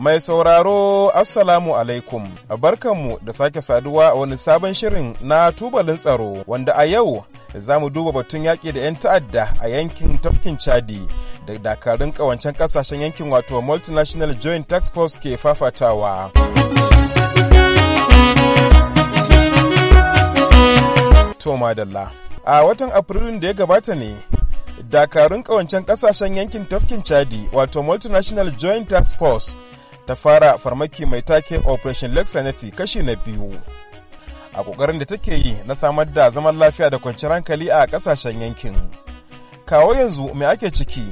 Mai sauraro Assalamu alaikum, barkanmu da sake saduwa a wani sabon shirin na tubalin tsaro wanda a yau za mu duba batun yaƙi da 'yan ta'adda a yankin tafkin Chadi da dakarun ƙawancen ƙasashen yankin wato Multinational Joint Tax Force ke fafatawa. Toma A watan Afrilun da ya gabata ne, dakarun ƙawancen ƙasashen yankin tafkin Chadi wato Multinational Joint Tax Force ta fara farmaki mai take operation lake sanity kashi na biyu a kokarin da take yi na samar da zaman lafiya da kwanciyar hankali a kasashen yankin kawo yanzu mai ake ciki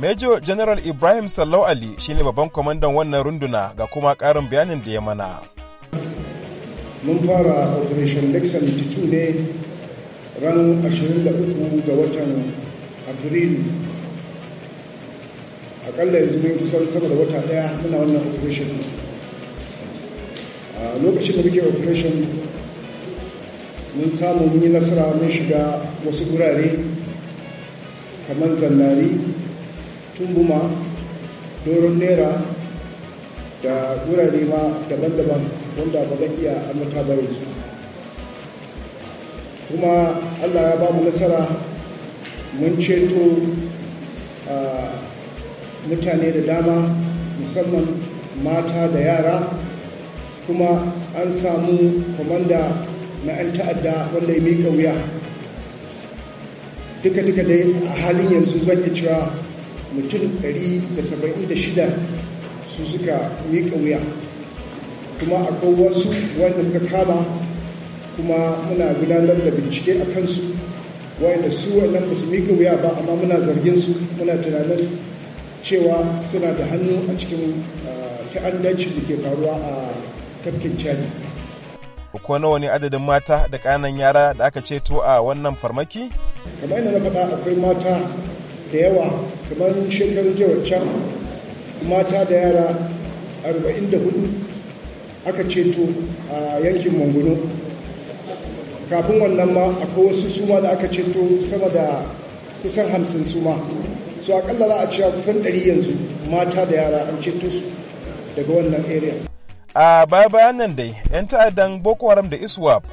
major general ibrahim sallau ali shine babban kwamandan wannan runduna ga kuma karin bayanin da ya mana mun fara operation lake sanity ne ran 23 ga watan afrilu akalla yanzu mun kusan sama da wata daya muna wannan operation a lokacin da muke operation mun samu mun yi nasara mun shiga wasu wurare kamar zannari tumbuma doron nera da wurare ma daban-daban wanda ba zan iya amurka ba yanzu kuma allah ya ba mu nasara mun ceto ah, mutane da dama musamman mata da yara kuma an samu kwamanda na 'yan ta'adda wanda ya mika wuya duka-duka dai a halin yanzu zan iya cewa mutum 176 su suka mika wuya kuma akwai wasu wanda muka kama kuma muna gudanar da bincike a kansu wanda su wannan ba su mika wuya ba amma muna zargin su muna tunanin cewa suna da hannu a cikin ah, ta'andanci da ke faruwa a tafkin cani. ko nawa ne adadin mata da ƙananan yara da aka ceto a wannan farmaki kamar yadda na faɗa akwai mata da yawa kamar shekarun jiya can, mata da yara 44 aka ceto a yankin manguno kafin wannan ma akwai wasu suma da aka ceto sama da kusan hamsin suma su akalla za a cewa kusan ɗari yanzu mata da yara an ceto su daga wannan area a baya bayan nan dai 'yan ta'addan boko haram da iswap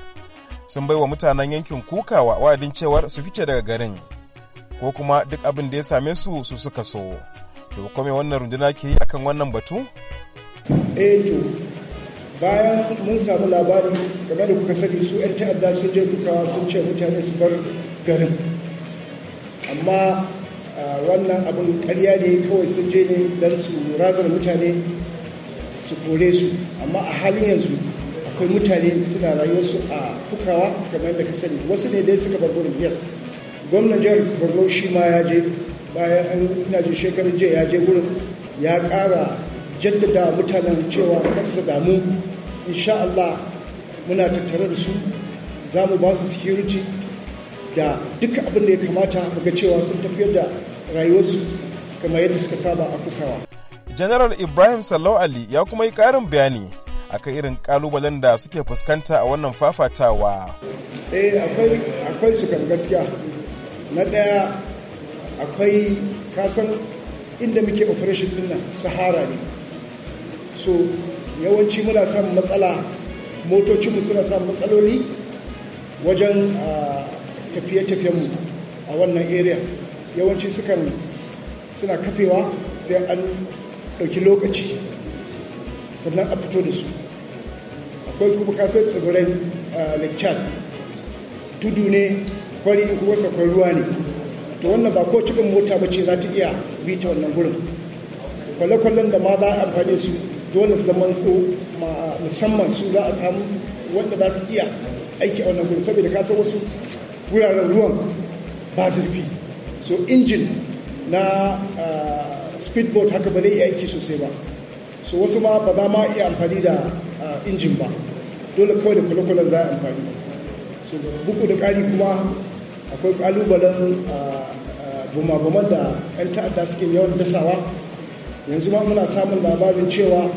sun bai wa mutanen yankin kukawa wa'adin cewar su fice daga garin ko kuma duk abin da ya same su su suka so to me wannan runduna ke yi akan wannan batu eh to bayan mun samu labari game da kuka sani su 'yan ta'adda sun je kukawa sun ce mutane su bar garin amma wannan abin karya ne kawai sun je ne don su razana mutane su kore su amma a halin yanzu akwai mutane suna rayuwarsu a kukawa kamar da ka sani wasu ne dai suka bar yes gwamnan jihar borno shi ma ya je bayan an ina jin shekarun jiya ya je gurin ya kara jaddada mutanen cewa kar su damu insha Allah muna tattare da su za mu ba su security da duk abin da ya kamata ga cewa sun tafiyar da rayuwarsu kamar yadda suka saba a kukawa. General Ibrahim Sallau Ali ya kuma yi ƙarin bayani akan irin kalubalen da suke fuskanta a wannan fafatawa. Eh akwai su kan gaskiya. Na ɗaya akwai kasan inda muke operation din nan Sahara ne. So yawanci muna samun matsala motocinmu suna samun matsaloli wajen ah, tafiye-tafiyenmu a wannan area yawanci sukan suna kafewa sai an ɗauki lokaci sannan a fito da su akwai kuma kasar tsibirin lecture tudu ne kwari in kuma sakon ruwa ne to wannan ba ko cikin mota ba ce za ta iya bi ta wannan gurin kwallon da ma za a amfani su dole su zama su musamman su za a samu wanda za su iya aiki a wannan gurin saboda kasar wasu wuraren ruwan ba zurfi so injin na uh, speedboat haka ba zai iya aiki sosai ba so wasu ma ba za ma iya amfani da uh, injin ba dole kawai da kwale-kwalen za a amfani so buku da kari kuma akwai ƙalubalen uh, bumabuman da 'yan ta'adda suke yawan dasawa yanzu ma muna samun labarin cewa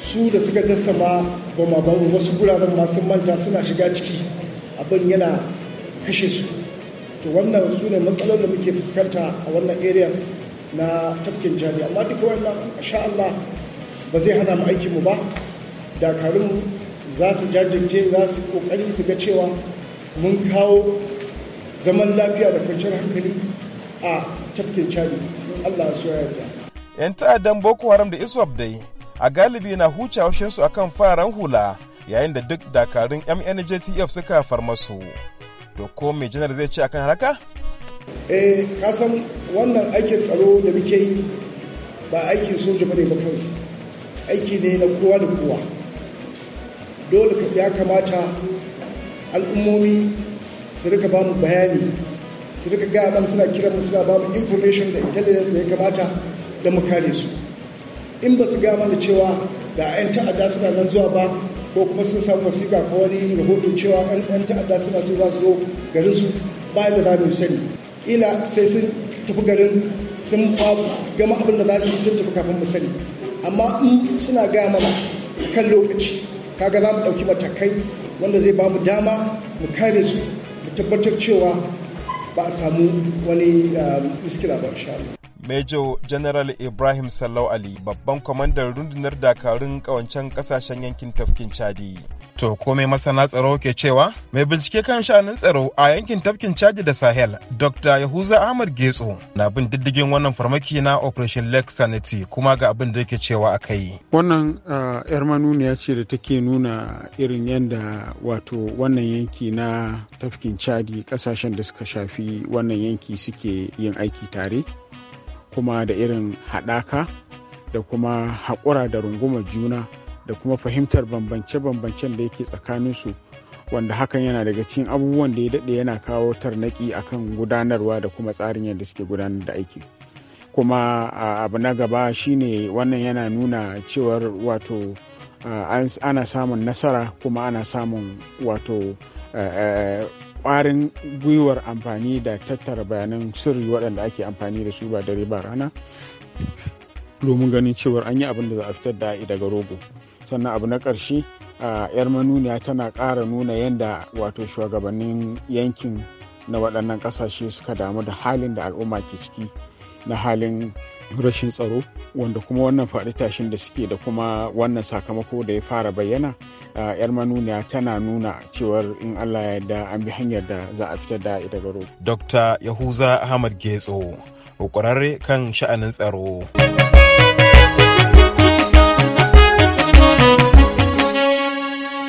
su da suka dasa ba bumaban wasu guraren masu manta suna shiga ciki abin yana kashe su to wannan su ne matsalar da muke fuskanta a wannan area na tafkin jari amma duka wannan sha Allah ba zai hana mu aikinmu ba dakarun za su jajirce za su kokari su ga cewa mun kawo zaman lafiya da kwanciyar hankali a tafkin jami Allah su yarda. 'Yan ta'addan Boko Haram da Iswap dai a galibi na huce haushinsu akan faran hula yayin da duk dakarun MNJTF suka farmasu. to ko mai janar zai ce akan haraka? eh kasan wannan aikin tsaro da muke yi ba aikin soja bane ba kawai aiki ne na kowa da kowa dole ya kamata al'ummomi su rika ba mu bayani su rika gaya mana suna kira mu suna ba mu information da intelligence da ya kamata da mu kare su in ba su gaya mana cewa ga 'yan ta'adda suna nan zuwa ba ko kuma sun samu wasika ko wani rahoton cewa ɗan ta'adda suna so za su zo garin su ba da za mu sani ila sai sun tafi garin sun gama abin da za su yi sun tafi kafin mu sani amma in suna gaya mana kan lokaci kaga za mu ɗauki matakai wanda zai ba mu dama mu kare su mu tabbatar cewa ba a samu wani ah, muskila ba insha Major General Ibrahim Sallau Ali babban kwamandan rundunar dakarun kawancen kasashen yankin tafkin Chadi. To komai masana tsaro ke cewa mai bincike kan sha'anin tsaro a yankin tafkin Chadi da Sahel Dr. Yahuza Ahmad Getso na bin diddigin wannan farmaki na Operation Lake Sanity kuma ga abin da yake cewa a kai. Wannan ah, yar manuniya ce da take nuna irin yadda wato wannan yanki na tafkin Chadi kasashen da suka shafi wannan yanki suke yin aiki tare. kuma da irin haɗaka da kuma haƙura da rungumar juna da kuma fahimtar bambance-bambancen da yake tsakaninsu wanda hakan yana daga cikin abubuwan da ya daɗe yana kawo tarnaki akan gudanarwa da kuma tsarin yadda suke gudanar da aiki kuma abu na gaba shine wannan yana nuna cewar wato ana samun nasara kuma ana samun wato Eh, kwarin gwiwar amfani da tattara bayanan sirri waɗanda ake amfani da su ba dare ba rana domin ganin cewar an yi abin da za a fitar da daga rogo sannan abu na ƙarshe yar manuniya tana ƙara nuna yadda wato shugabannin yankin na waɗannan ƙasashe suka damu da halin da al'umma ke ciki na halin rashin tsaro wanda kuma wannan faɗi tashin da suke da kuma wannan sakamako da ya fara bayyana yar manuniya tana nuna cewar in Allah ya da an bi hanyar da za a fitar da ita garo. Dr. Yahuza Ahmad Getso, ƙwararre kan sha'anin tsaro.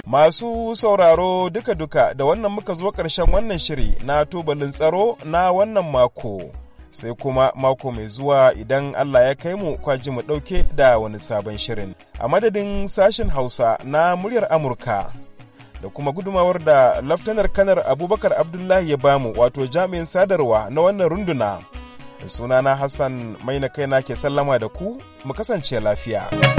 Masu sauraro duka-duka da wannan muka zo ƙarshen wannan shiri na tubalin tsaro na wannan mako. sai kuma mako mai zuwa idan Allah ya kai mu kwaji mu ɗauke da wani sabon shirin. A madadin sashen Hausa na muryar Amurka da kuma gudumawar da Laftanar Kanar Abubakar Abdullahi ya bamu wato jami'in sadarwa na wannan runduna. Sunana Hassan mai na kaina ke sallama da ku, mu kasance lafiya.